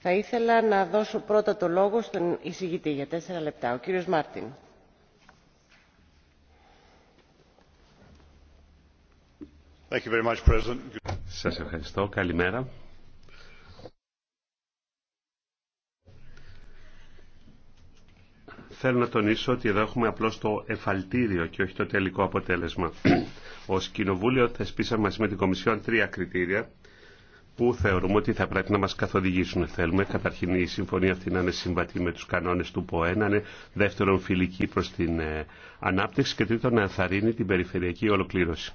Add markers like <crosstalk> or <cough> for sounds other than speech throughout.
Θα ήθελα να δώσω πρώτα το λόγο στον εισηγητή για τέσσερα λεπτά, ο κύριος Μάρτιν. Σας ευχαριστώ. Καλημέρα. Θέλω να τονίσω ότι εδώ έχουμε απλώς το εφαλτήριο και όχι το τελικό αποτέλεσμα. Ως Κοινοβούλιο θεσπίσαμε μαζί με την Κομισιόν τρία κριτήρια που θεωρούμε ότι θα πρέπει να μας καθοδηγήσουν. Θέλουμε καταρχήν η συμφωνία αυτή να είναι συμβατή με τους κανόνες του ΠΟΕ, να είναι δεύτερον φιλική προς την ε, ανάπτυξη και τρίτον να ενθαρρύνει την περιφερειακή ολοκλήρωση.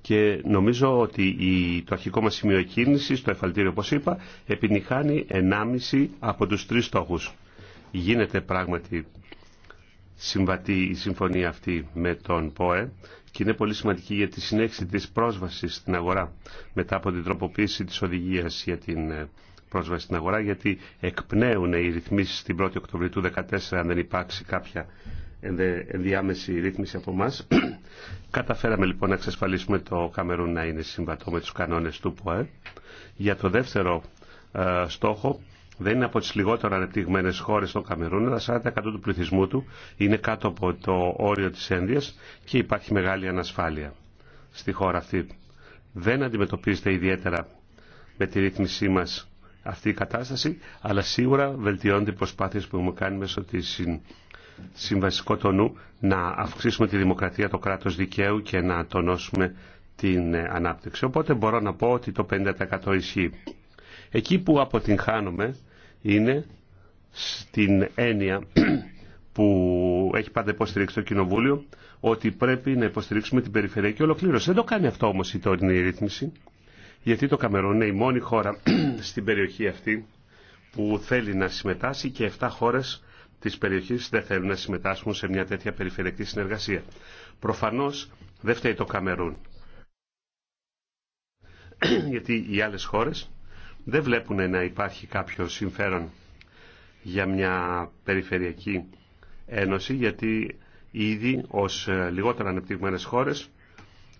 Και νομίζω ότι το αρχικό μας σημείο κίνηση, το εφαλτήριο όπως είπα, επινυχάνει 1,5 από τους τρεις στόχους. Γίνεται πράγματι Συμβατεί η συμφωνία αυτή με τον ΠΟΕ και είναι πολύ σημαντική για τη συνέχιση της πρόσβασης στην αγορά μετά από την τροποποίηση της οδηγίας για την ε, πρόσβαση στην αγορά γιατί εκπνέουν οι ρυθμίσεις την 1η Οκτωβρίου του 2014 αν δεν υπάρξει κάποια ενδιάμεση ρύθμιση από εμά. <clears throat> Καταφέραμε λοιπόν να εξασφαλίσουμε το Καμερούν να είναι συμβατό με τους κανόνες του ΠΟΕ. Για το δεύτερο ε, στόχο δεν είναι από τις λιγότερο ανεπτυγμένες χώρες των Καμερούν, αλλά 40% του πληθυσμού του είναι κάτω από το όριο της ένδυας και υπάρχει μεγάλη ανασφάλεια στη χώρα αυτή. Δεν αντιμετωπίζεται ιδιαίτερα με τη ρύθμισή μας αυτή η κατάσταση, αλλά σίγουρα βελτιώνται οι προσπάθειες που έχουμε κάνει μέσω της συμβασικό τονού να αυξήσουμε τη δημοκρατία, το κράτος δικαίου και να τονώσουμε την ε, ανάπτυξη. Οπότε μπορώ να πω ότι το 50% ισχύει. Εκεί που αποτυγχάνουμε είναι στην έννοια <clears throat> που έχει πάντα υποστηρίξει το Κοινοβούλιο ότι πρέπει να υποστηρίξουμε την περιφερειακή ολοκλήρωση. Δεν το κάνει αυτό όμως η τωρινή ρύθμιση, γιατί το Καμερούν είναι η μόνη χώρα <clears throat> στην περιοχή αυτή που θέλει να συμμετάσχει και 7 χώρες της περιοχής δεν θέλουν να συμμετάσχουν σε μια τέτοια περιφερειακή συνεργασία. Προφανώς δεν φταίει το Καμερούν, <clears throat> γιατί οι άλλες χώρες δεν βλέπουν να υπάρχει κάποιο συμφέρον για μια περιφερειακή ένωση γιατί ήδη ως ε, λιγότερο ανεπτυγμένες χώρες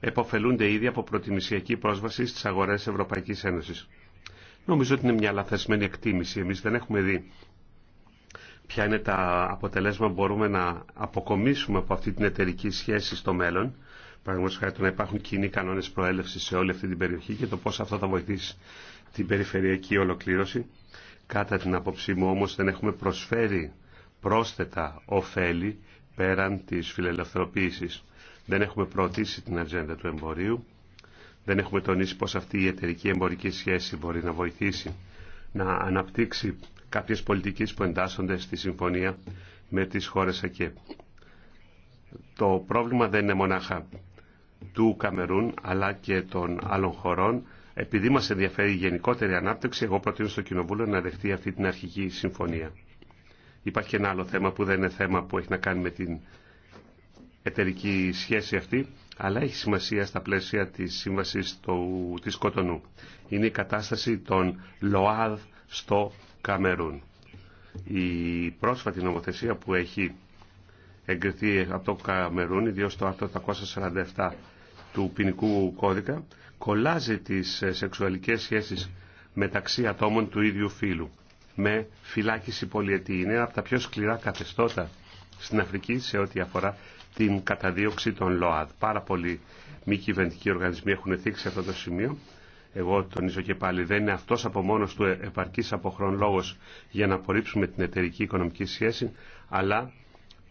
εποφελούνται ήδη από προτιμησιακή πρόσβαση στις αγορές Ευρωπαϊκής Ένωσης. Νομίζω ότι είναι μια λαθασμένη εκτίμηση. Εμείς δεν έχουμε δει ποια είναι τα αποτελέσματα που μπορούμε να αποκομίσουμε από αυτή την εταιρική σχέση στο μέλλον. Παραδείγματο χάρη το να υπάρχουν κοινοί κανόνε προέλευση σε όλη αυτή την περιοχή και το πώ αυτό θα βοηθήσει την περιφερειακή ολοκλήρωση. Κατά την απόψή μου όμως δεν έχουμε προσφέρει πρόσθετα ωφέλη πέραν της φιλελευθερωποίησης. Δεν έχουμε προωθήσει την ατζέντα του εμπορίου. Δεν έχουμε τονίσει πως αυτή η εταιρική εμπορική σχέση μπορεί να βοηθήσει να αναπτύξει κάποιες πολιτικές που εντάσσονται στη συμφωνία με τις χώρες ΑΚΕΠ. Το πρόβλημα δεν είναι μονάχα του Καμερούν αλλά και των άλλων χωρών επειδή μα ενδιαφέρει η γενικότερη ανάπτυξη, εγώ προτείνω στο Κοινοβούλιο να δεχτεί αυτή την αρχική συμφωνία. Υπάρχει και ένα άλλο θέμα που δεν είναι θέμα που έχει να κάνει με την εταιρική σχέση αυτή, αλλά έχει σημασία στα πλαίσια της σύμβαση τη Κοτονού. Είναι η κατάσταση των ΛΟΑΔ στο Καμερούν. Η πρόσφατη νομοθεσία που έχει εγκριθεί από το Καμερούν, ιδίω το άρθρο του ποινικού κώδικα, κολλάζει τις ε, σεξουαλικές σχέσεις μεταξύ ατόμων του ίδιου φύλου με φυλάκιση πολιετή. Είναι ένα από τα πιο σκληρά καθεστώτα στην Αφρική σε ό,τι αφορά την καταδίωξη των ΛΟΑΔ. Πάρα πολλοί μη κυβερνητικοί οργανισμοί έχουν θίξει αυτό το σημείο. Εγώ τονίζω και πάλι, δεν είναι αυτό από μόνο του επαρκή αποχρόν λόγο για να απορρίψουμε την εταιρική οικονομική σχέση, αλλά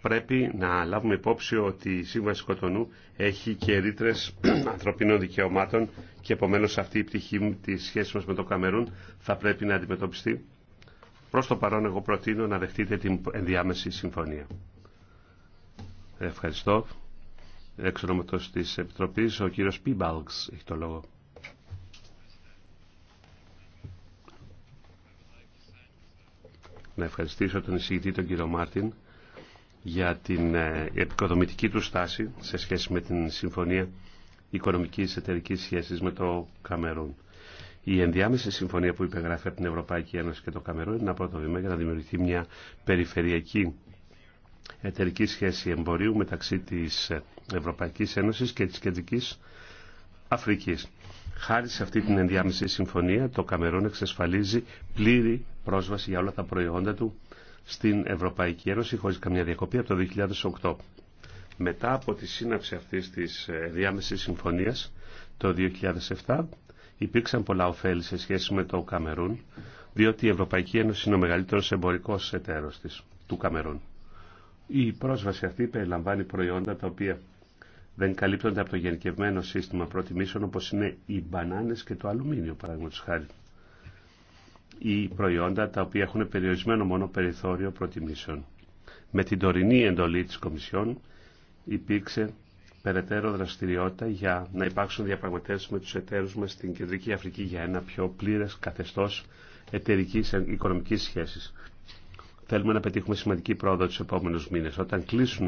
πρέπει να λάβουμε υπόψη ότι η Σύμβαση Κοτονού έχει και ρήτρε <clears throat> ανθρωπίνων δικαιωμάτων και επομένω αυτή η πτυχή τη σχέση μα με το Καμερούν θα πρέπει να αντιμετωπιστεί. προ το παρόν εγώ προτείνω να δεχτείτε την ενδιάμεση συμφωνία. Ευχαριστώ. Εξ ονόματο της Επιτροπής, ο κύριο Πίμπαλξ έχει το λόγο. Να ευχαριστήσω τον εισηγητή τον κύριο Μάρτιν για την ε, επικοδομητική του στάση σε σχέση με την Συμφωνία Οικονομικής Εταιρικής Σχέσης με το Καμερούν. Η ενδιάμεση συμφωνία που υπεγράφει από την Ευρωπαϊκή Ένωση και το Καμερούν είναι ένα πρώτο βήμα για να δημιουργηθεί μια περιφερειακή εταιρική σχέση εμπορίου μεταξύ της Ευρωπαϊκής Ένωσης και της Κεντρικής Αφρικής. Χάρη σε αυτή την ενδιάμεση συμφωνία, το Καμερούν εξασφαλίζει πλήρη πρόσβαση για όλα τα προϊόντα του στην Ευρωπαϊκή Ένωση χωρίς καμιά διακοπή από το 2008. Μετά από τη σύναψη αυτής της ε, διάμεσης συμφωνίας το 2007 υπήρξαν πολλά ωφέλη σε σχέση με το Καμερούν διότι η Ευρωπαϊκή Ένωση είναι ο μεγαλύτερος εμπορικός εταίρος της, του Καμερούν. Η πρόσβαση αυτή περιλαμβάνει προϊόντα τα οποία δεν καλύπτονται από το γενικευμένο σύστημα προτιμήσεων όπως είναι οι μπανάνες και το αλουμίνιο παραδείγματος χάρη ή προϊόντα τα οποία έχουν περιορισμένο μόνο περιθώριο προτιμήσεων. Με την τωρινή εντολή της Κομισιόν υπήρξε περαιτέρω δραστηριότητα για να υπάρξουν διαπραγματεύσεις με τους εταίρους μας στην Κεντρική Αφρική για ένα πιο πλήρες καθεστώς εταιρική οικονομικής σχέσης. Θέλουμε να πετύχουμε σημαντική πρόοδο του επόμενου μήνες. Όταν κλείσουν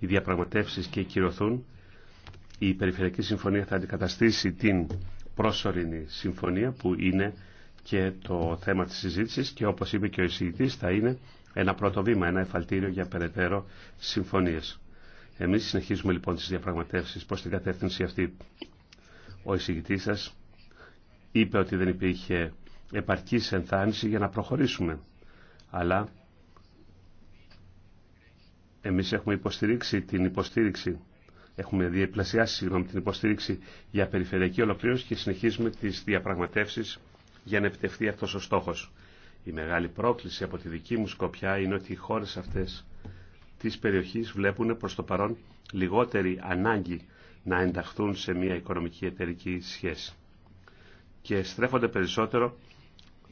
οι διαπραγματεύσεις και κυρωθούν, η Περιφερειακή Συμφωνία θα αντικαταστήσει την πρόσωρινη συμφωνία που είναι και το θέμα της συζήτησης και όπως είπε και ο εισηγητής θα είναι ένα πρώτο βήμα, ένα εφαλτήριο για περαιτέρω συμφωνίες. Εμείς συνεχίζουμε λοιπόν τις διαπραγματεύσεις προς την κατεύθυνση αυτή. Ο εισηγητής σας είπε ότι δεν υπήρχε επαρκής ενθάνηση για να προχωρήσουμε. Αλλά εμείς έχουμε υποστηρίξει την υποστήριξη Έχουμε διεπλασιάσει την υποστήριξη για περιφερειακή ολοκλήρωση και συνεχίζουμε τις διαπραγματεύσεις για να επιτευχθεί αυτός ο στόχος. Η μεγάλη πρόκληση από τη δική μου σκοπιά είναι ότι οι χώρες αυτές της περιοχής βλέπουν προς το παρόν λιγότερη ανάγκη να ενταχθούν σε μια οικονομική εταιρική σχέση και στρέφονται περισσότερο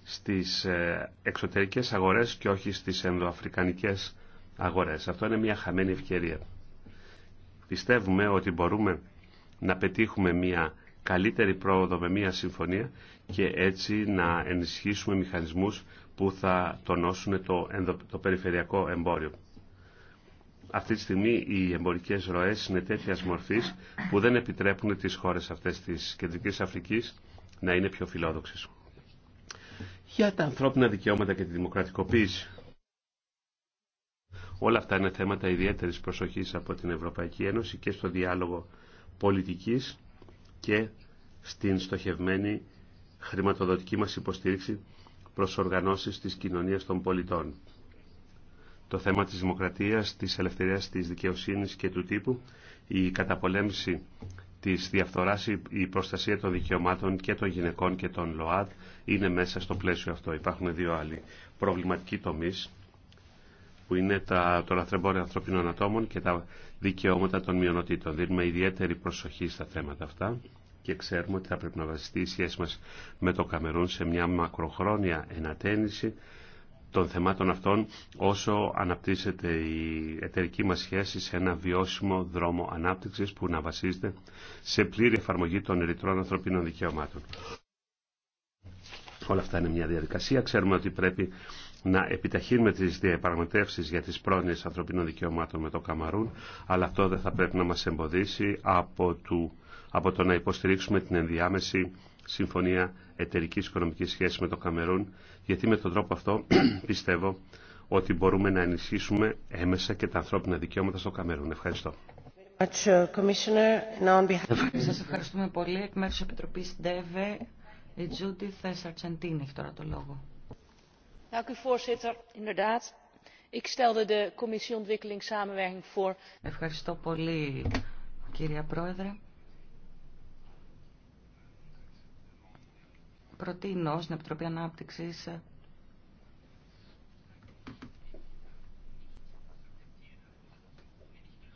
στις ε, εξωτερικές αγορές και όχι στις ενδοαφρικανικές αγορές. Αυτό είναι μια χαμένη ευκαιρία. Πιστεύουμε ότι μπορούμε να πετύχουμε μια καλύτερη πρόοδο με μια συμφωνία και έτσι να ενισχύσουμε μηχανισμούς που θα τονώσουν το, το περιφερειακό εμπόριο. Αυτή τη στιγμή οι εμπορικές ροές είναι τέτοιας μορφής που δεν επιτρέπουν τις χώρες αυτές της Κεντρικής Αφρικής να είναι πιο φιλόδοξες. Για τα ανθρώπινα δικαιώματα και τη δημοκρατικοποίηση. Όλα αυτά είναι θέματα ιδιαίτερης προσοχής από την Ευρωπαϊκή Ένωση και στο διάλογο πολιτικής και στην στοχευμένη χρηματοδοτική μας υποστήριξη προς οργανώσεις της κοινωνίας των πολιτών. Το θέμα της δημοκρατίας, της ελευθερίας, της δικαιοσύνης και του τύπου, η καταπολέμηση της διαφθοράς, η προστασία των δικαιωμάτων και των γυναικών και των ΛΟΑΤ είναι μέσα στο πλαίσιο αυτό. Υπάρχουν δύο άλλοι προβληματικοί τομείς που είναι τα, το λαθρεμπόριο ανθρωπίνων ατόμων και τα δικαιώματα των μειονοτήτων. Δίνουμε ιδιαίτερη προσοχή στα θέματα αυτά και ξέρουμε ότι θα πρέπει να βασιστεί η σχέση μας με το Καμερούν σε μια μακροχρόνια ενατένιση των θεμάτων αυτών όσο αναπτύσσεται η εταιρική μας σχέση σε ένα βιώσιμο δρόμο ανάπτυξης που να βασίζεται σε πλήρη εφαρμογή των ερητρών ανθρωπίνων δικαιωμάτων. Όλα αυτά είναι μια διαδικασία. Ξέρουμε ότι πρέπει να επιταχύνουμε τι διαπραγματεύσει για τι πρόνοιε ανθρωπίνων δικαιωμάτων με το Καμαρούν, αλλά αυτό δεν θα πρέπει να μα εμποδίσει από του από το να υποστηρίξουμε την ενδιάμεση συμφωνία εταιρική οικονομική σχέση με το Καμερούν, γιατί με τον τρόπο αυτό <clears throat> πιστεύω ότι μπορούμε να ενισχύσουμε έμεσα και τα ανθρώπινα δικαιώματα στο Καμερούν. Ευχαριστώ. Σα ευχαριστούμε πολύ. Εκ μέρου τη Επιτροπή ΔΕΒΕ, η Τζούντι Θεσσαρτσεντίνη έχει τώρα το λόγο. Ευχαριστώ πολύ, κυρία Πρόεδρε. προτείνω στην Επιτροπή Ανάπτυξης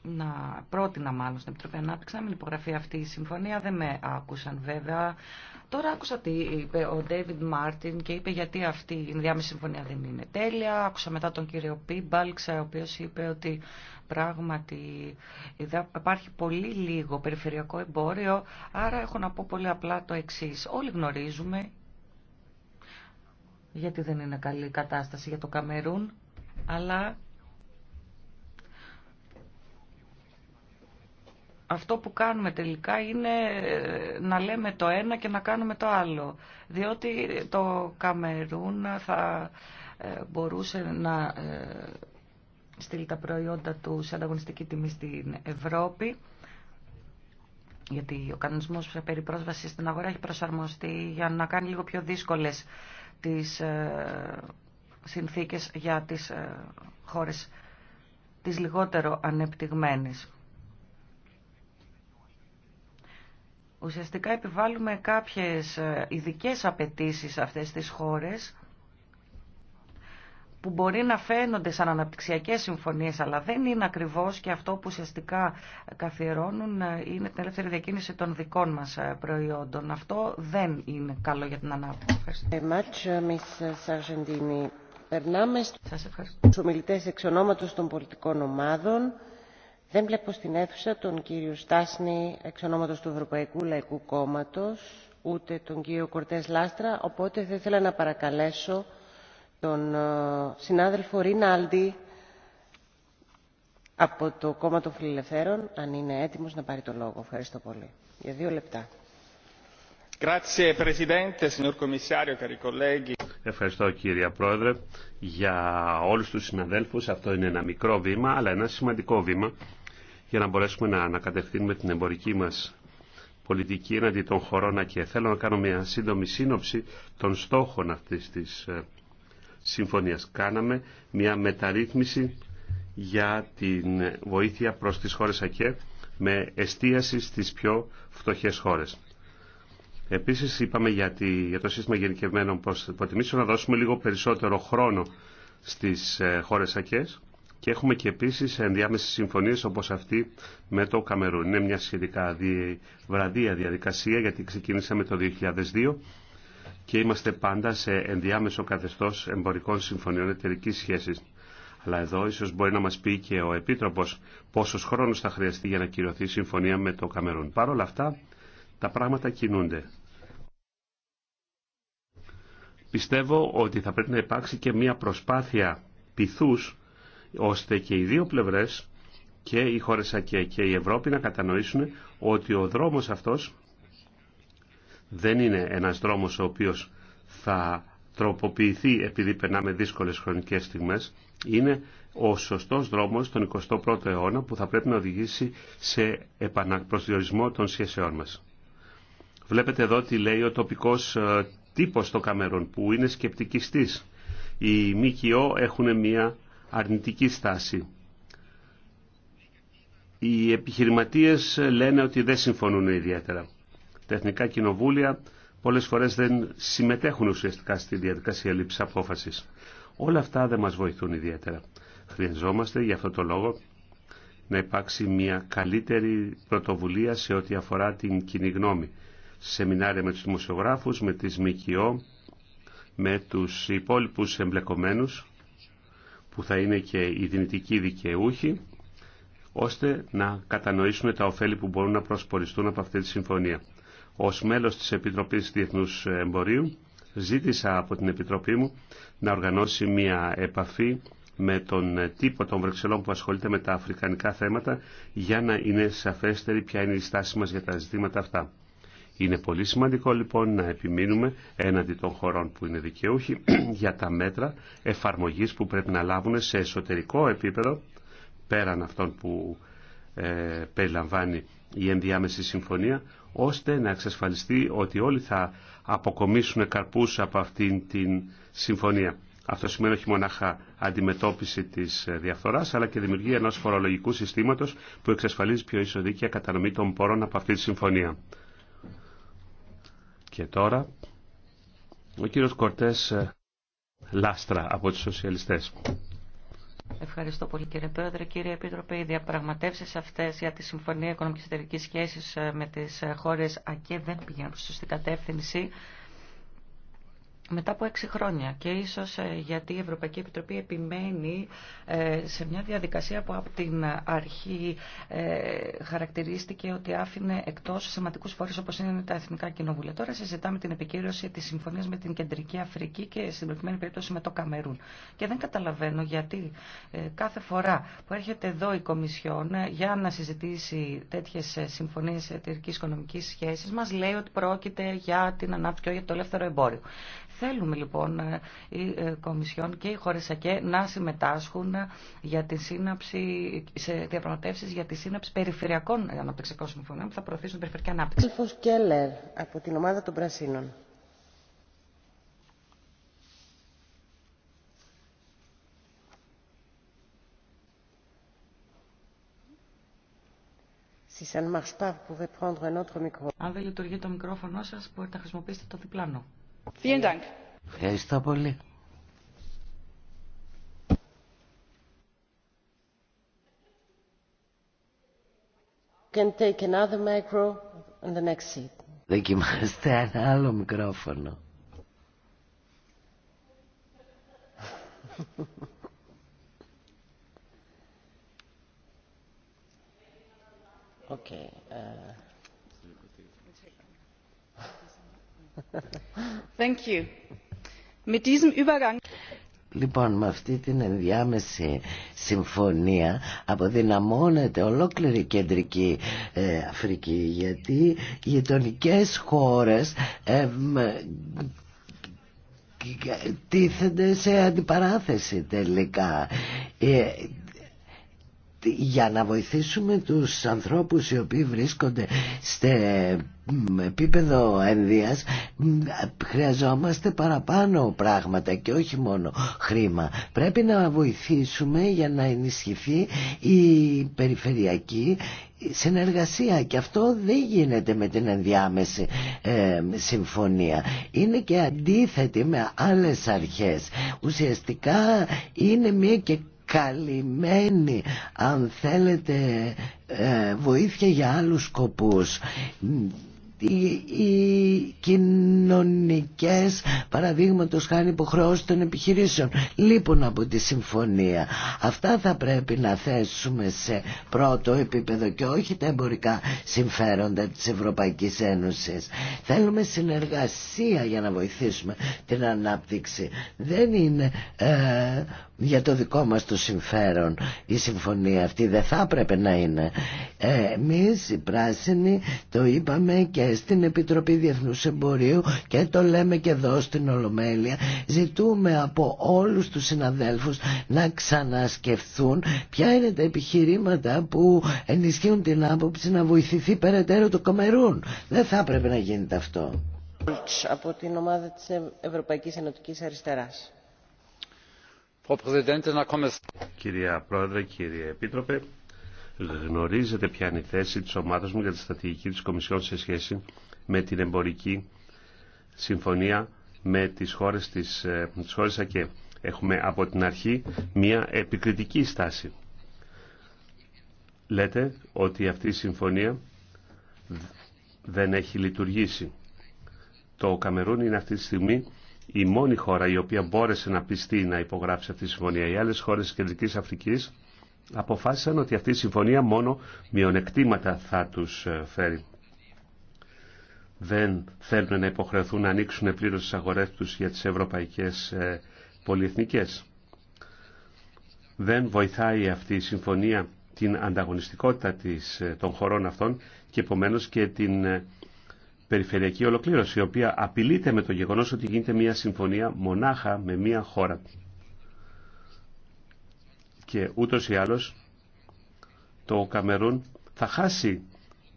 να πρότεινα μάλλον στην Επιτροπή Ανάπτυξη να μην υπογραφεί αυτή η συμφωνία. Δεν με άκουσαν βέβαια. Τώρα άκουσα τι είπε ο Ντέιβιντ Μάρτιν και είπε γιατί αυτή η διαμεση συμφωνία δεν είναι τέλεια. Άκουσα μετά τον κύριο Πίμπαλξ, ο οποίο είπε ότι πράγματι υπάρχει πολύ λίγο περιφερειακό εμπόριο. Άρα έχω να πω πολύ απλά το εξή. Όλοι γνωρίζουμε γιατί δεν είναι καλή η κατάσταση για το Καμερούν, αλλά αυτό που κάνουμε τελικά είναι ε, να λέμε το ένα και να κάνουμε το άλλο. Διότι το Καμερούν θα ε, μπορούσε να ε, στείλει τα προϊόντα του σε ανταγωνιστική τιμή στην Ευρώπη γιατί ο κανονισμός περί πρόσβαση στην αγορά έχει προσαρμοστεί για να κάνει λίγο πιο δύσκολες τις ε, συνθήκες για τις ε, χώρες τις λιγότερο ανεπτυγμένες. Ουσιαστικά επιβάλλουμε κάποιες ε, ειδικές απαιτήσεις σε αυτές τις χώρες που μπορεί να φαίνονται σαν αναπτυξιακές συμφωνίες, αλλά δεν είναι ακριβώς και αυτό που ουσιαστικά καθιερώνουν ε, είναι την ελεύθερη διακίνηση των δικών μας ε, προϊόντων. Αυτό δεν είναι καλό για την ανάπτυξη. Uh, Περνάμε στους ομιλητές εξ ονόματος των πολιτικών ομάδων. Δεν βλέπω στην αίθουσα τον κύριο Στάσνη εξ ονόματος του Ευρωπαϊκού Λαϊκού Κόμματος, ούτε τον κύριο Κορτές Λάστρα, οπότε θα ήθελα να παρακαλέσω τον ε, συνάδελφο Ρίναλντι από το κόμμα των φιλελευθέρων αν είναι έτοιμος να πάρει το λόγο. Ευχαριστώ πολύ. Για δύο λεπτά. Ευχαριστώ κύριε Πρόεδρε για όλους τους συναδέλφους. Αυτό είναι ένα μικρό βήμα αλλά ένα σημαντικό βήμα για να μπορέσουμε να ανακατευθύνουμε την εμπορική μας πολιτική εναντί των χωρών και θέλω να κάνω μια σύντομη σύνοψη των στόχων αυτής της ε, συμφωνίας. Κάναμε μια μεταρρύθμιση για την βοήθεια προς τις χώρες ΑΚΕ με εστίαση στις πιο φτωχές χώρες. Επίσης είπαμε για, το σύστημα γενικευμένων προτιμήσεων να δώσουμε λίγο περισσότερο χρόνο στις ε, χώρες ΑΚΕΣ και έχουμε και επίσης ενδιάμεσες συμφωνίες όπως αυτή με το Καμερούν. Είναι μια σχετικά βραδία διαδικασία γιατί ξεκίνησαμε το 2002 και είμαστε πάντα σε ενδιάμεσο καθεστώς εμπορικών συμφωνιών εταιρικής σχέσης. Αλλά εδώ ίσως μπορεί να μας πει και ο Επίτροπος πόσος χρόνος θα χρειαστεί για να κυρωθεί η συμφωνία με το Καμερούν. Παρ' όλα αυτά τα πράγματα κινούνται. Πιστεύω ότι θα πρέπει να υπάρξει και μια προσπάθεια πειθούς ώστε και οι δύο πλευρές και οι χώρες ΑΚΕ και η Ευρώπη να κατανοήσουν ότι ο δρόμος αυτός δεν είναι ένας δρόμος ο οποίος θα τροποποιηθεί επειδή περνάμε δύσκολες χρονικές στιγμές. Είναι ο σωστός δρόμος τον 21ο αιώνα που θα πρέπει να οδηγήσει σε επαναπροσδιορισμό των σχέσεών μας. Βλέπετε εδώ τι λέει ο τοπικός ε, τύπος στο Καμερών που είναι σκεπτικιστής. Οι ΜΚΟ έχουν μια αρνητική στάση. Οι επιχειρηματίες λένε ότι δεν συμφωνούν ιδιαίτερα. Τα εθνικά κοινοβούλια πολλές φορές δεν συμμετέχουν ουσιαστικά στη διαδικασία λήψης απόφασης. Όλα αυτά δεν μας βοηθούν ιδιαίτερα. Χρειαζόμαστε για αυτό το λόγο να υπάρξει μια καλύτερη πρωτοβουλία σε ό,τι αφορά την κοινή γνώμη. Σεμινάρια με τους δημοσιογράφους, με τις ΜΚΟ, με τους υπόλοιπους εμπλεκομένους που θα είναι και οι δυνητικοί δικαιούχοι ώστε να κατανοήσουν τα ωφέλη που μπορούν να προσποριστούν από αυτή τη συμφωνία. Ως μέλος της Επιτροπής Διεθνούς Εμπορίου ζήτησα από την Επιτροπή μου να οργανώσει μια επαφή με τον τύπο των Βρεξελών που ασχολείται με τα αφρικανικά θέματα για να είναι σαφέστερη ποια είναι η στάση μας για τα ζητήματα αυτά. Είναι πολύ σημαντικό λοιπόν να επιμείνουμε έναντι των χωρών που είναι δικαιούχοι <clears throat> για τα μέτρα εφαρμογής που πρέπει να λάβουν σε εσωτερικό επίπεδο πέραν αυτών που ε, περιλαμβάνει η ενδιάμεση συμφωνία, ώστε να εξασφαλιστεί ότι όλοι θα αποκομίσουν καρπούς από αυτήν την συμφωνία. Αυτό σημαίνει όχι μονάχα αντιμετώπιση της ε, διαφθοράς, αλλά και δημιουργία ενός φορολογικού συστήματος που εξασφαλίζει πιο ισοδίκια κατανομή των πόρων από αυτή τη συμφωνία. Και τώρα, ο κύριος Κορτές ε, Λάστρα από τους Σοσιαλιστές. Ευχαριστώ πολύ κύριε Πρόεδρε. Κύριε Επίτροπε, οι διαπραγματεύσει αυτέ για τη Συμφωνία Οικονομική Εταιρική Σχέση ε, με τι ε, χώρε ΑΚΕ δεν πηγαίνουν προ την κατεύθυνση μετά από έξι χρόνια και ίσως ε, γιατί η Ευρωπαϊκή Επιτροπή επιμένει ε, σε μια διαδικασία που από την αρχή ε, χαρακτηρίστηκε ότι άφηνε εκτός σημαντικούς φορείς όπως είναι τα Εθνικά Κοινοβούλια. Τώρα συζητάμε την επικύρωση της συμφωνίας με την Κεντρική Αφρική και στην προκειμένη περίπτωση με το Καμερούν. Και δεν καταλαβαίνω γιατί κάθε φορά που έρχεται εδώ η Κομισιόν για να συζητήσει τέτοιες συμφωνίες εταιρικής οικονομικής σχέσης μας λέει ότι πρόκειται για την ανάπτυξη για το ελεύθερο εμπόριο Θέλουμε λοιπόν η ε, ε, Κομισιόν και οι χώρες ΑΚΕ να συμμετάσχουν για τη σύναψη, σε διαπραγματεύσεις για τη σύναψη περιφερειακών αναπτυξιακών συμφωνίων που θα προωθήσουν την περιφερειακή ανάπτυξη. Κέλλερ από την ομάδα των Πρασίνων. Αν δεν λειτουργεί το μικρόφωνο σας, μπορείτε να χρησιμοποιήσετε το διπλάνο. Vielen Dank. Ευχαριστώ πολύ. Can take another micro on the next seat. Δοκιμάστε ένα άλλο μικρόφωνο. okay. Uh... Λοιπόν, με αυτή την ενδιάμεση συμφωνία αποδυναμώνεται ολόκληρη η κεντρική Αφρική γιατί οι γειτονικέ χώρες ε, τίθενται σε αντιπαράθεση τελικά για να βοηθήσουμε τους ανθρώπους οι οποίοι βρίσκονται σε επίπεδο ενδίας χρειαζόμαστε παραπάνω πράγματα και όχι μόνο χρήμα. Πρέπει να βοηθήσουμε για να ενισχυθεί η περιφερειακή συνεργασία και αυτό δεν γίνεται με την ενδιάμεση ε, συμφωνία είναι και αντίθετη με άλλες αρχές ουσιαστικά είναι μια και καλυμμένη αν θέλετε ε, βοήθεια για άλλους σκοπούς οι, οι κοινωνικές παραδείγματος χάνει υποχρεώσει των επιχειρήσεων λείπουν από τη συμφωνία αυτά θα πρέπει να θέσουμε σε πρώτο επίπεδο και όχι τα εμπορικά συμφέροντα της Ευρωπαϊκής Ένωσης θέλουμε συνεργασία για να βοηθήσουμε την ανάπτυξη δεν είναι ε, για το δικό μας το συμφέρον η συμφωνία αυτή δεν θα έπρεπε να είναι ε, εμείς οι πράσινοι το είπαμε και στην Επιτροπή Διεθνούς Εμπορίου και το λέμε και εδώ στην Ολομέλεια ζητούμε από όλους τους συναδέλφους να ξανασκεφθούν ποια είναι τα επιχειρήματα που ενισχύουν την άποψη να βοηθηθεί περαιτέρω το Καμερούν δεν θα έπρεπε να γίνεται αυτό από την ομάδα της Ευρωπαϊκής Ενωτικής Αριστεράς Κυρία Πρόεδρε, κύριε Επίτροπε, γνωρίζετε ποια είναι η θέση της ομάδας μου για τη στρατηγική της Κομισιόν σε σχέση με την εμπορική συμφωνία με τις χώρες, της, ε, χώρες ΑΚΕ. Έχουμε από την αρχή μια επικριτική στάση. Λέτε ότι αυτή η συμφωνία δεν έχει λειτουργήσει. Το Καμερούν είναι αυτή τη στιγμή η μόνη χώρα η οποία μπόρεσε να πιστεί να υπογράψει αυτή τη συμφωνία. Οι άλλες χώρες της Κεντρικής Αφρικής αποφάσισαν ότι αυτή η συμφωνία μόνο μειονεκτήματα θα τους ε, φέρει. Δεν θέλουν να υποχρεωθούν να ανοίξουν πλήρω τι αγορέ του για τις ευρωπαϊκές ε, πολυεθνικέ. Δεν βοηθάει αυτή η συμφωνία την ανταγωνιστικότητα ε, των χωρών αυτών και επομένως και την περιφερειακή ολοκλήρωση, η οποία απειλείται με το γεγονός ότι γίνεται μια συμφωνία μονάχα με μια χώρα. Και ούτως ή άλλως το Καμερούν θα χάσει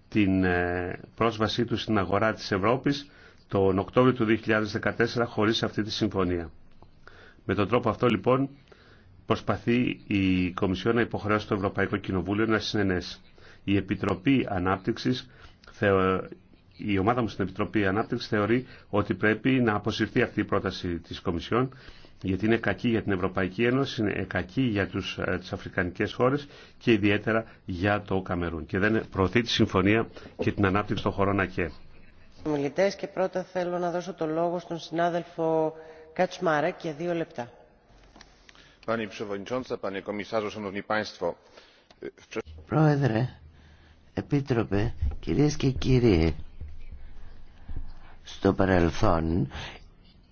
την ε, πρόσβασή του στην αγορά της Ευρώπης τον Οκτώβριο του 2014 χωρίς αυτή τη συμφωνία. Με τον τρόπο αυτό λοιπόν προσπαθεί η Κομισιόν να υποχρεώσει το Ευρωπαϊκό Κοινοβούλιο να συνενέσει. Η Επιτροπή Ανάπτυξης η ομάδα μου στην Επιτροπή Ανάπτυξη θεωρεί ότι πρέπει να αποσυρθεί αυτή η πρόταση της Κομισιόν γιατί είναι κακή για την Ευρωπαϊκή Ένωση, είναι κακή για τι ε, τις αφρικανικές χώρες και ιδιαίτερα για το Καμερούν. Και δεν προωθεί τη συμφωνία και την ανάπτυξη των χωρών ΑΚΕ. το λόγο στον Πρόεδρε, Επίτροπε, κυρίες και κύριοι, στο παρελθόν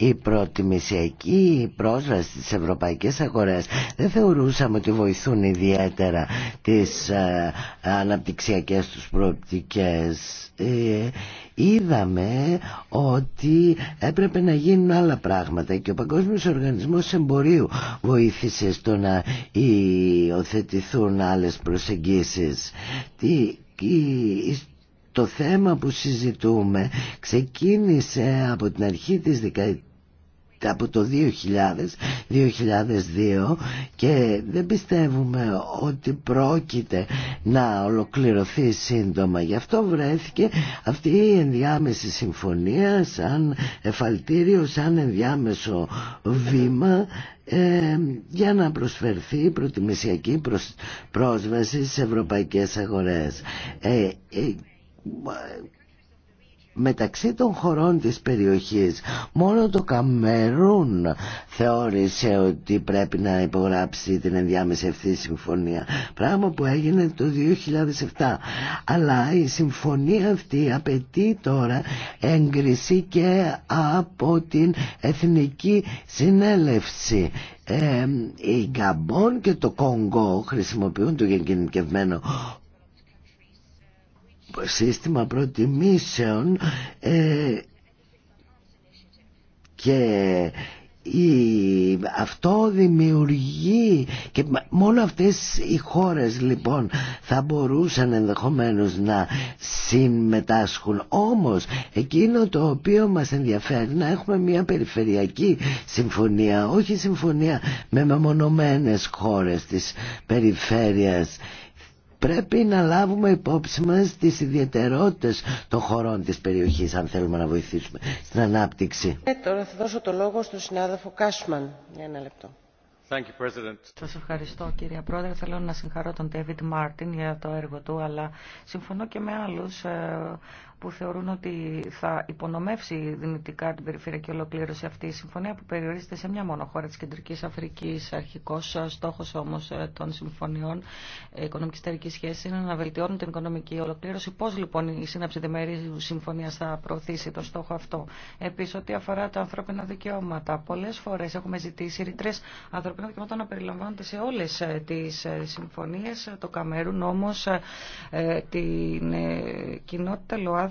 η προτιμησιακή πρόσβαση στις ευρωπαϊκές αγορές δεν θεωρούσαμε ότι βοηθούν ιδιαίτερα τις ε, αναπτυξιακές τους προοπτικές. Ε, είδαμε ότι έπρεπε να γίνουν άλλα πράγματα και ο Παγκόσμιος Οργανισμός Εμπορίου βοήθησε στο να υιοθετηθούν άλλες προσεγγίσεις. Τι, το θέμα που συζητούμε ξεκίνησε από την αρχή της δεκαετίας από το 2000, 2002 και δεν πιστεύουμε ότι πρόκειται να ολοκληρωθεί σύντομα. Γι' αυτό βρέθηκε αυτή η ενδιάμεση συμφωνία σαν εφαλτήριο, σαν ενδιάμεσο βήμα ε, για να προσφερθεί προτιμησιακή προσ... πρόσβαση σε ευρωπαϊκές αγορές. ε, ε μεταξύ των χωρών της περιοχής μόνο το Καμερούν θεώρησε ότι πρέπει να υπογράψει την ενδιάμεση αυτή συμφωνία πράγμα που έγινε το 2007 αλλά η συμφωνία αυτή απαιτεί τώρα έγκριση και από την Εθνική Συνέλευση η ε, Γκαμπόν και το Κόγκο χρησιμοποιούν το γενικευμένο σύστημα προτιμήσεων ε, και η, αυτό δημιουργεί και μόνο αυτές οι χώρες λοιπόν θα μπορούσαν ενδεχομένως να συμμετάσχουν όμως εκείνο το οποίο μας ενδιαφέρει να έχουμε μια περιφερειακή συμφωνία όχι συμφωνία με μεμονωμένες χώρες της περιφέρειας πρέπει να λάβουμε υπόψη μας τις ιδιαιτερότητες των χωρών της περιοχής αν θέλουμε να βοηθήσουμε στην ανάπτυξη. Ε, τώρα θα δώσω το λόγο στον συνάδελφο Κάσμαν για ένα λεπτό. Σα ευχαριστώ κύριε Πρόεδρε. Θέλω να συγχαρώ τον David Μάρτιν για το έργο του, αλλά συμφωνώ και με άλλου ε, που θεωρούν ότι θα υπονομεύσει δυνητικά την περιφερειακή ολοκλήρωση αυτή η συμφωνία που περιορίζεται σε μια μόνο χώρα τη κεντρική Αφρική, αρχικό στόχο όμω ε, των συμφωνιών ε, οικονομική τερική σχέση, είναι να βελτιώνουν την οικονομική ολοκλήρωση. Πώ λοιπόν η σύναψη διμερίου συμφωνία θα προωθήσει τον στόχο αυτό. Επίση, ό,τι αφορά τα ανθρώπινα δικαιώματα. Πολλέ φορέ έχουμε ζητήσει ρητρέ ανθρωπινά δικαιώματα να περιλαμβάνονται σε όλε τι ε, συμφωνίε, Το Καμερούν όμω την κοινότητα ΛΟΑΔ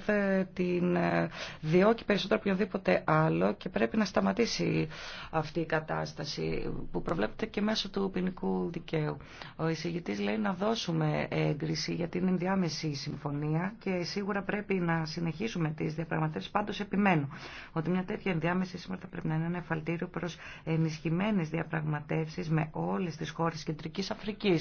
την ε, διώκει περισσότερο από οποιοδήποτε άλλο και πρέπει να σταματήσει αυτή η κατάσταση που προβλέπεται και μέσω του ποινικού δικαίου. Ο εισηγητής λέει να δώσουμε έγκριση για την ενδιάμεση συμφωνία και σίγουρα πρέπει να συνεχίσουμε τις διαπραγματεύσεις. Πάντω επιμένω ότι μια τέτοια ενδιάμεση σήμερα θα πρέπει να είναι ένα εφαλτήριο προ ενισχυμένε διαπραγματεύσει με όλε τι χώρε κεντρική Αφρική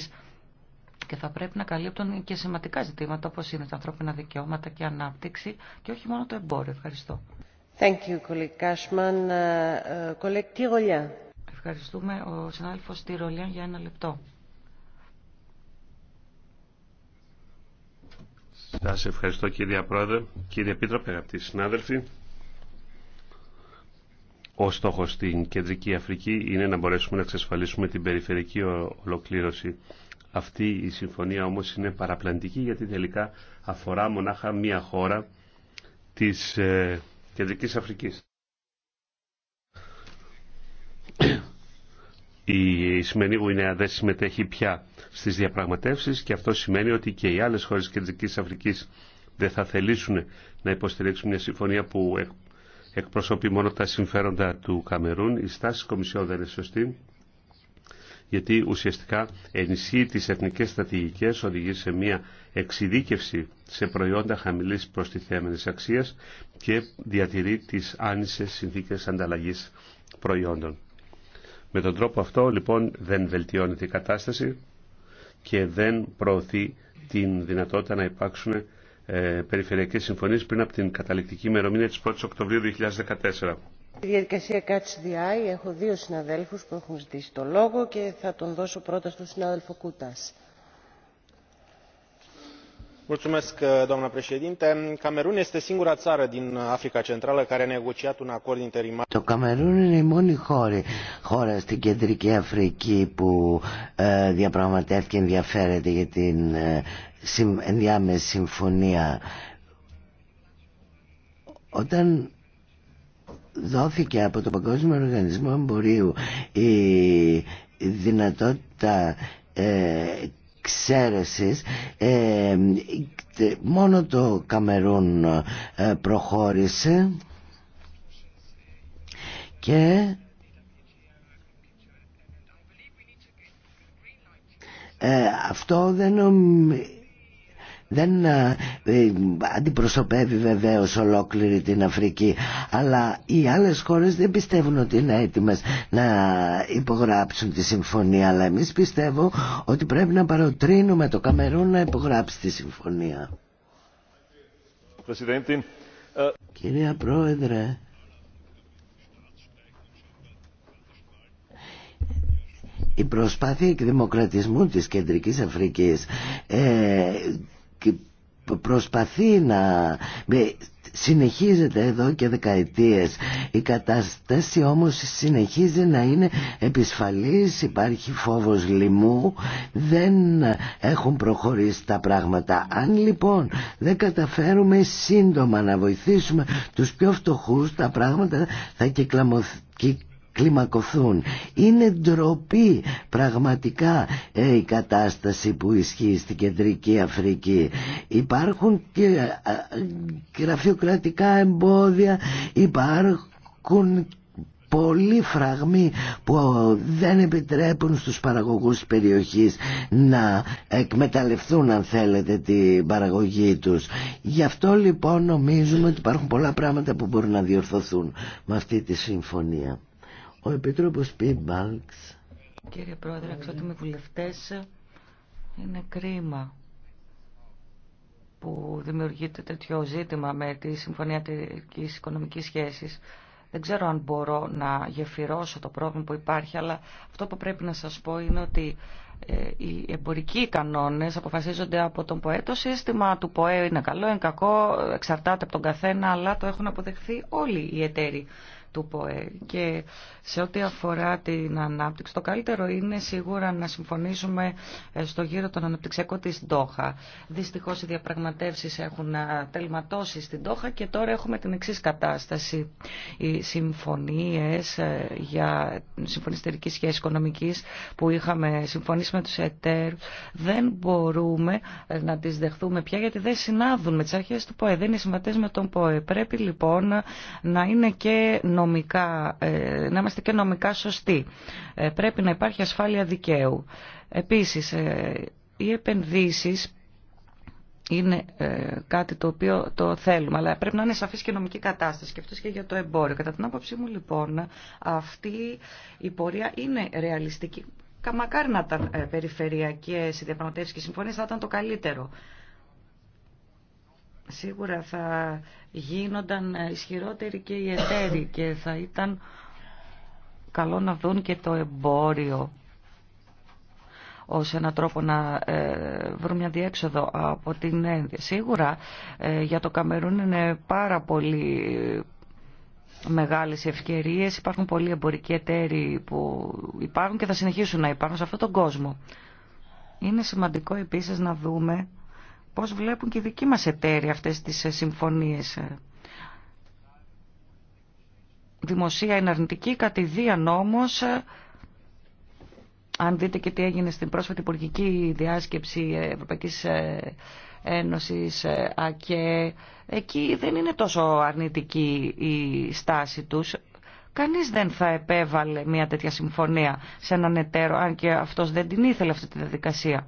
και θα πρέπει να καλύπτουν και σημαντικά ζητήματα όπως είναι τα ανθρώπινα δικαιώματα και ανάπτυξη και όχι μόνο το εμπόριο. Ευχαριστώ. Ε, ε, Ευχαριστούμε ο συνάδελφος Τυρολιάν για ένα λεπτό. Σας ευχαριστώ κύριε Πρόεδρε, κύριε Επίτροπε, αγαπητοί συνάδελφοι. Ο στόχος στην Κεντρική Αφρική είναι να μπορέσουμε να εξασφαλίσουμε την περιφερική ολοκλήρωση αυτή η συμφωνία όμως είναι παραπλανητική γιατί τελικά αφορά μονάχα μία χώρα της ε, Κεντρικής Αφρικής. Η σημερινή Γουινέα δεν συμμετέχει πια στις διαπραγματεύσεις και αυτό σημαίνει ότι και οι άλλες χώρες της Κεντρικής Αφρικής δεν θα θελήσουν να υποστηρίξουν μια συμφωνία που εκπροσωπεί μόνο τα συμφέροντα του Καμερούν. Η στάση της Κομισιόν δεν είναι σωστή γιατί ουσιαστικά ενισχύει τις εθνικές στρατηγικές, οδηγεί σε μια εξειδίκευση σε προϊόντα χαμηλής προστιθέμενης αξίας και διατηρεί τις άνισες συνθήκες ανταλλαγής προϊόντων. Με τον τρόπο αυτό λοιπόν δεν βελτιώνεται η κατάσταση και δεν προωθεί την δυνατότητα να υπάρξουν ε, περιφερειακές συμφωνίες πριν από την καταληκτική ημερομηνία της 1ης Οκτωβρίου 2014. Στη διαδικασία Catch the Eye έχω δύο συναδέλφους που έχουν ζητήσει το λόγο και θα τον δώσω πρώτα στον συνάδελφο Κούτας. Doamnă președinte, Camerun este Το Καμερούν είναι η μόνη χώρα, χώρα στην Κεντρική Αφρική που ε, διαπραγματεύτηκε ενδιαφέρεται για την ε, ενδιάμεση συμφωνία. Όταν δόθηκε από το Παγκόσμιο Οργανισμό Εμπορίου η δυνατότητα ε, ε μόνο το Καμερούν ε, προχώρησε και ε, αυτό δεν νομίζω δεν ε, ε, αντιπροσωπεύει βεβαίως ολόκληρη την Αφρική αλλά οι άλλες χώρες δεν πιστεύουν ότι είναι έτοιμες να υπογράψουν τη συμφωνία αλλά εμείς πιστεύω ότι πρέπει να παροτρύνουμε το Καμερούν να υπογράψει τη συμφωνία ε, Κυρία Πρόεδρε η προσπάθεια εκδημοκρατισμού της Κεντρικής Αφρικής ε, προσπαθεί να συνεχίζεται εδώ και δεκαετίες η κατάσταση όμως συνεχίζει να είναι επισφαλής υπάρχει φόβος λοιμού δεν έχουν προχωρήσει τα πράγματα αν λοιπόν δεν καταφέρουμε σύντομα να βοηθήσουμε τους πιο φτωχούς τα πράγματα θα κυκλαμωθεί κλιμακωθούν. Είναι ντροπή πραγματικά ε, η κατάσταση που ισχύει στην Κεντρική Αφρική. Υπάρχουν και ε, γραφειοκρατικά εμπόδια, υπάρχουν πολλοί φραγμοί που δεν επιτρέπουν στους παραγωγούς της περιοχής να εκμεταλλευτούν αν θέλετε την παραγωγή τους. Γι' αυτό λοιπόν νομίζουμε ότι υπάρχουν πολλά πράγματα που μπορούν να διορθωθούν με αυτή τη συμφωνία. Ο Επίτροπος Πίμπαλξ. Κύριε Πρόεδρε, με βουλευτές, είναι κρίμα που δημιουργείται τέτοιο ζήτημα με τη Συμφωνία τη Οικονομικής Σχέσης. Δεν ξέρω αν μπορώ να γεφυρώσω το πρόβλημα που υπάρχει, αλλά αυτό που πρέπει να σας πω είναι ότι ε, οι εμπορικοί κανόνες αποφασίζονται από τον ΠΟΕ. Το σύστημα του ΠΟΕ είναι καλό, είναι κακό, εξαρτάται από τον καθένα, αλλά το έχουν αποδεχθεί όλοι οι εταίροι του ΠΟΕ και σε ό,τι αφορά την ανάπτυξη, το καλύτερο είναι σίγουρα να συμφωνήσουμε ε, στο γύρο των αναπτυξιακών της Ντόχα. Δυστυχώς οι διαπραγματεύσεις έχουν τελματώσει στην Ντόχα και τώρα έχουμε την εξή κατάσταση. Οι συμφωνίες ε, για συμφωνιστερική σχέση οικονομικής που είχαμε συμφωνήσει με τους εταίρου δεν μπορούμε ε, να τις δεχθούμε πια γιατί δεν συνάδουν με τις αρχές του ΠΟΕ, δεν είναι συμβατές με τον ΠΟΕ. Πρέπει λοιπόν να είναι και νομικά, ε, να είμαστε και νομικά σωστοί. Ε, πρέπει να υπάρχει ασφάλεια δικαίου. Επίσης, ε, οι επενδύσεις είναι κάτι το οποίο το θέλουμε, αλλά πρέπει να είναι σαφής και νομική κατάσταση και αυτό και για το εμπόριο. Κατά την άποψή μου λοιπόν αυτή η πορεία είναι ρεαλιστική. Καμακάρι να ήταν περιφερειακές οι διαπραγματεύσεις και συμφωνίες θα ήταν το καλύτερο σίγουρα θα γίνονταν ισχυρότεροι και οι εταίροι και θα ήταν καλό να δουν και το εμπόριο ως έναν τρόπο να ε, βρουν μια διέξοδο από την ένδυα. Σίγουρα ε, για το Καμερούν είναι πάρα πολύ μεγάλες ευκαιρίες. Υπάρχουν πολλοί εμπορικοί εταίροι που υπάρχουν και θα συνεχίσουν να υπάρχουν σε αυτόν τον κόσμο. Είναι σημαντικό επίσης να δούμε πώς βλέπουν και οι δικοί μας εταίροι αυτές τις ε, συμφωνίες. Ε, δημοσία είναι αρνητική, κατηδίαν όμως, ε, αν δείτε και τι έγινε στην πρόσφατη υπουργική διάσκεψη Ευρωπαϊκής Ένωσης ΑΚΕ, εκεί δεν είναι τόσο αρνητική η στάση τους. Κανείς δεν θα επέβαλε μια τέτοια συμφωνία σε έναν εταίρο, αν και αυτός δεν την ήθελε αυτή τη διαδικασία.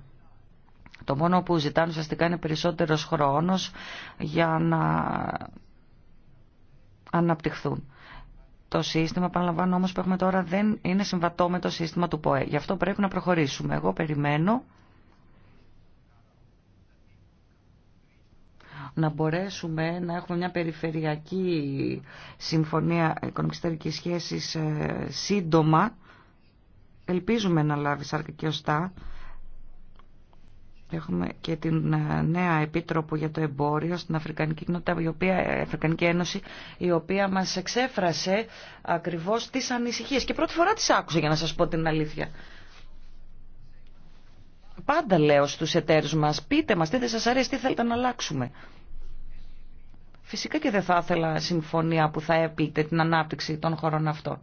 Το μόνο που ζητάνε ουσιαστικά είναι περισσότερος χρόνος για να αναπτυχθούν. Το σύστημα, παραλαμβάνω όμως που έχουμε τώρα, δεν είναι συμβατό με το σύστημα του ΠΟΕ. Γι' αυτό πρέπει να προχωρήσουμε. Εγώ περιμένω να μπορέσουμε να έχουμε μια περιφερειακή συμφωνία οικονομικής σχέσης ε, σύντομα. Ελπίζουμε να λάβει σάρκα και ωστά. Έχουμε και την ε, νέα επίτροπο για το εμπόριο στην Αφρικανική, Κοινότητα, η οποία, ε, Αφρικανική Ένωση, η οποία μας εξέφρασε ακριβώς τις ανησυχίες. Και πρώτη φορά τις άκουσα για να σας πω την αλήθεια. Πάντα λέω στους εταίρους μας, πείτε μας τι δεν σας αρέσει, τι θέλετε να αλλάξουμε. Φυσικά και δεν θα ήθελα συμφωνία που θα έπληκε την ανάπτυξη των χωρών αυτών.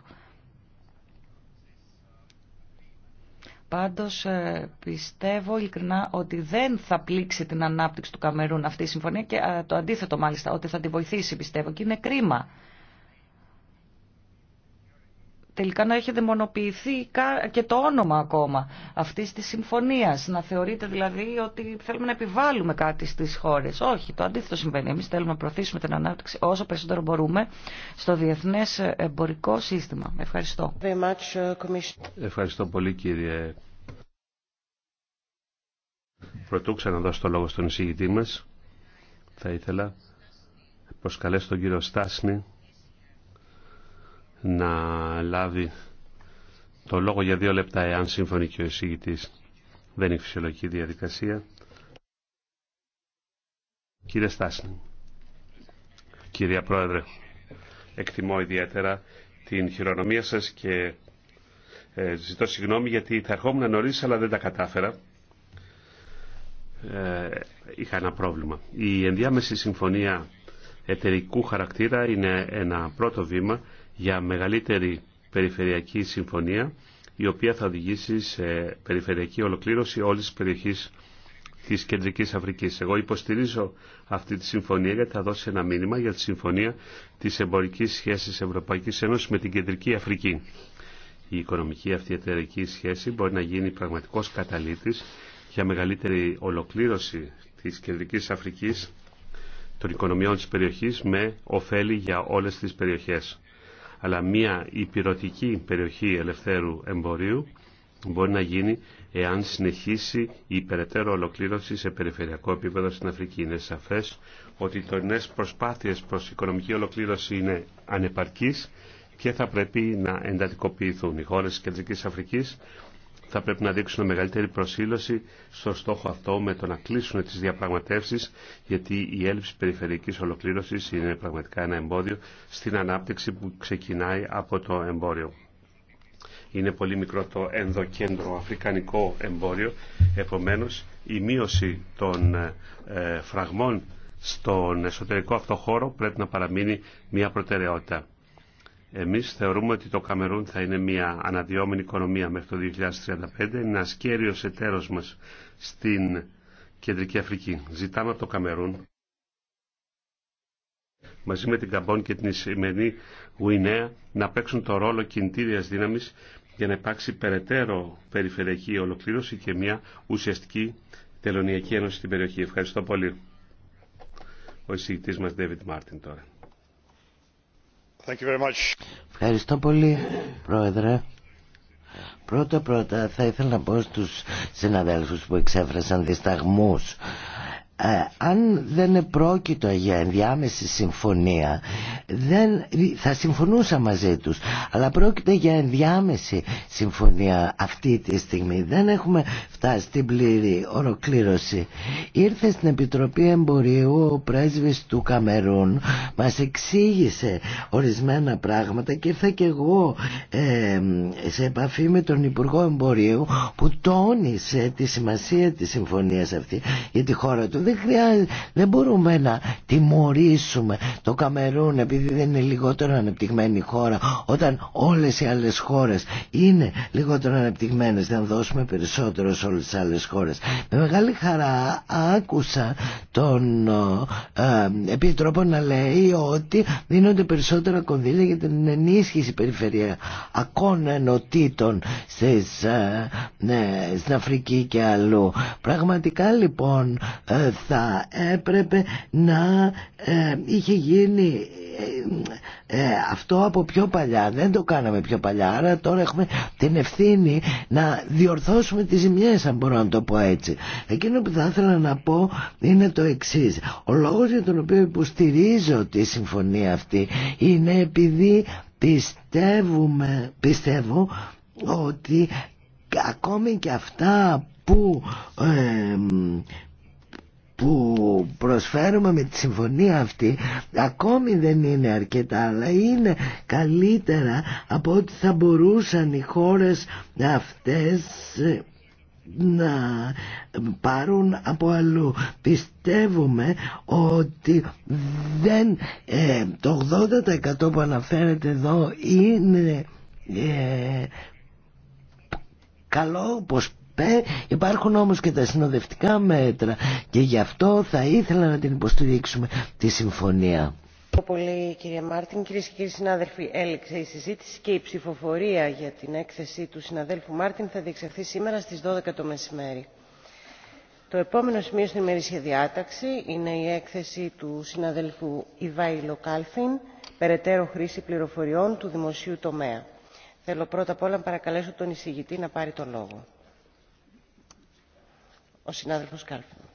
Πάντως ε, πιστεύω ειλικρινά ότι δεν θα πλήξει την ανάπτυξη του Καμερούν αυτή η συμφωνία και ε, το αντίθετο μάλιστα, ότι θα τη βοηθήσει πιστεύω και είναι κρίμα τελικά να έχει δαιμονοποιηθεί και το όνομα ακόμα αυτή τη συμφωνία. Να θεωρείται δηλαδή ότι θέλουμε να επιβάλλουμε κάτι στι χώρε. Όχι, το αντίθετο συμβαίνει. Εμεί θέλουμε να προωθήσουμε την ανάπτυξη όσο περισσότερο μπορούμε στο διεθνέ εμπορικό σύστημα. Ευχαριστώ. Uh, Ευχαριστώ πολύ κύριε. Πρωτού ξαναδώσω το λόγο στον εισηγητή μας, θα ήθελα να προσκαλέσω τον κύριο Στάσνη να λάβει το λόγο για δύο λεπτά εάν σύμφωνη και ο εισηγητής. Δεν είναι φυσιολογική διαδικασία. Κύριε Στάσιν, κυρία Πρόεδρε, εκτιμώ ιδιαίτερα την χειρονομία σας και ε, ζητώ συγγνώμη γιατί θα ερχόμουν νωρίς αλλά δεν τα κατάφερα. Ε, είχα ένα πρόβλημα. Η ενδιάμεση συμφωνία εταιρικού χαρακτήρα είναι ένα πρώτο βήμα για μεγαλύτερη περιφερειακή συμφωνία η οποία θα οδηγήσει σε περιφερειακή ολοκλήρωση όλη τη περιοχή τη Κεντρική Αφρικής. Εγώ υποστηρίζω αυτή τη συμφωνία γιατί θα δώσει ένα μήνυμα για τη συμφωνία της εμπορικής σχέσης Ευρωπαϊκής Ένωσης με την Κεντρική Αφρική. Η οικονομική αυτή εταιρική σχέση μπορεί να γίνει πραγματικός καταλήτης για μεγαλύτερη ολοκλήρωση της Κεντρική Αφρικής των οικονομιών της περιοχή με ωφέλη για όλες τις περιοχές αλλά μια υπηρετική περιοχή ελευθέρου εμπορίου μπορεί να γίνει εάν συνεχίσει η υπεραιτέρω ολοκλήρωση σε περιφερειακό επίπεδο στην Αφρική. Είναι σαφές ότι οι τωρινές προσπάθειες προς οικονομική ολοκλήρωση είναι ανεπαρκείς και θα πρέπει να εντατικοποιηθούν. Οι χώρες της Κεντρικής Αφρικής θα πρέπει να δείξουν μεγαλύτερη προσήλωση στο στόχο αυτό με το να κλείσουν τις διαπραγματεύσεις γιατί η έλλειψη περιφερειακής ολοκλήρωσης είναι πραγματικά ένα εμπόδιο στην ανάπτυξη που ξεκινάει από το εμπόριο. Είναι πολύ μικρό το ενδοκέντρο αφρικανικό εμπόριο, επομένως η μείωση των ε, φραγμών στον εσωτερικό αυτό χώρο πρέπει να παραμείνει μια προτεραιότητα. Εμείς θεωρούμε ότι το Καμερούν θα είναι μια αναδυόμενη οικονομία μέχρι το 2035, είναι ένας κέριος εταίρος μας στην Κεντρική Αφρική. Ζητάμε από το Καμερούν μαζί με την Καμπόν και την Ισημενή Γουινέα να παίξουν το ρόλο κινητήριας δύναμης για να υπάρξει περαιτέρω περιφερειακή ολοκλήρωση και μια ουσιαστική τελωνιακή ένωση στην περιοχή. Ευχαριστώ πολύ. Ο εισηγητής μας David Μάρτιν τώρα. Ευχαριστώ πολύ, Πρόεδρε. Πρώτα-πρώτα θα ήθελα να πω στους συναδέλφους που εξέφρασαν δισταγμούς ε, αν δεν επρόκειτο για ενδιάμεση συμφωνία δεν, θα συμφωνούσα μαζί τους αλλά πρόκειται για ενδιάμεση συμφωνία αυτή τη στιγμή δεν έχουμε φτάσει στην πλήρη ολοκλήρωση ήρθε στην Επιτροπή Εμπορίου ο πρέσβης του Καμερούν μας εξήγησε ορισμένα πράγματα και ήρθα και εγώ ε, σε επαφή με τον Υπουργό Εμπορίου που τόνισε τη σημασία της συμφωνίας αυτή για τη χώρα του δεν, χρειάζεται, μπορούμε να τιμωρήσουμε το Καμερούν επειδή δεν είναι λιγότερο ανεπτυγμένη χώρα όταν όλες οι άλλες χώρες είναι λιγότερο ανεπτυγμένες δεν δώσουμε περισσότερο σε όλες τις άλλες χώρες με μεγάλη χαρά άκουσα τον ε, ε Επίτροπο να λέει ότι δίνονται περισσότερα κονδύλια για την ενίσχυση περιφερειακών ενωτήτων ε, ναι, στην Αφρική και αλλού πραγματικά λοιπόν ε, θα έπρεπε να ε, είχε γίνει ε, ε, αυτό από πιο παλιά. Δεν το κάναμε πιο παλιά, άρα τώρα έχουμε την ευθύνη να διορθώσουμε τις ζημιές, αν μπορώ να το πω έτσι. Εκείνο που θα ήθελα να πω είναι το εξή. Ο λόγος για τον οποίο υποστηρίζω τη συμφωνία αυτή είναι επειδή πιστεύουμε, πιστεύω ότι ακόμη και αυτά που που προσφέρουμε με τη συμφωνία αυτή ακόμη δεν είναι αρκετά αλλά είναι καλύτερα από ό,τι θα μπορούσαν οι χώρες αυτές να πάρουν από αλλού. Πιστεύουμε ότι δεν, ε, το 80% που αναφέρεται εδώ είναι ε, καλό όπως υπάρχουν όμως και τα συνοδευτικά μέτρα και γι' αυτό θα ήθελα να την υποστηρίξουμε τη συμφωνία. Ευχαριστώ Πολύ, κύριε Μάρτιν. Κυρίε και κύριοι συνάδελφοι, έληξε η συζήτηση και η ψηφοφορία για την έκθεση του συναδέλφου Μάρτιν θα διεξαχθεί σήμερα στι 12 το μεσημέρι. Το επόμενο σημείο στην ημερήσια διάταξη είναι η έκθεση του συναδέλφου Ιβάη Κάλφιν, περαιτέρω χρήση πληροφοριών του δημοσίου τομέα. Θέλω πρώτα απ' όλα να παρακαλέσω τον εισηγητή να πάρει το λόγο ο συνάδελφος Κάλφιν.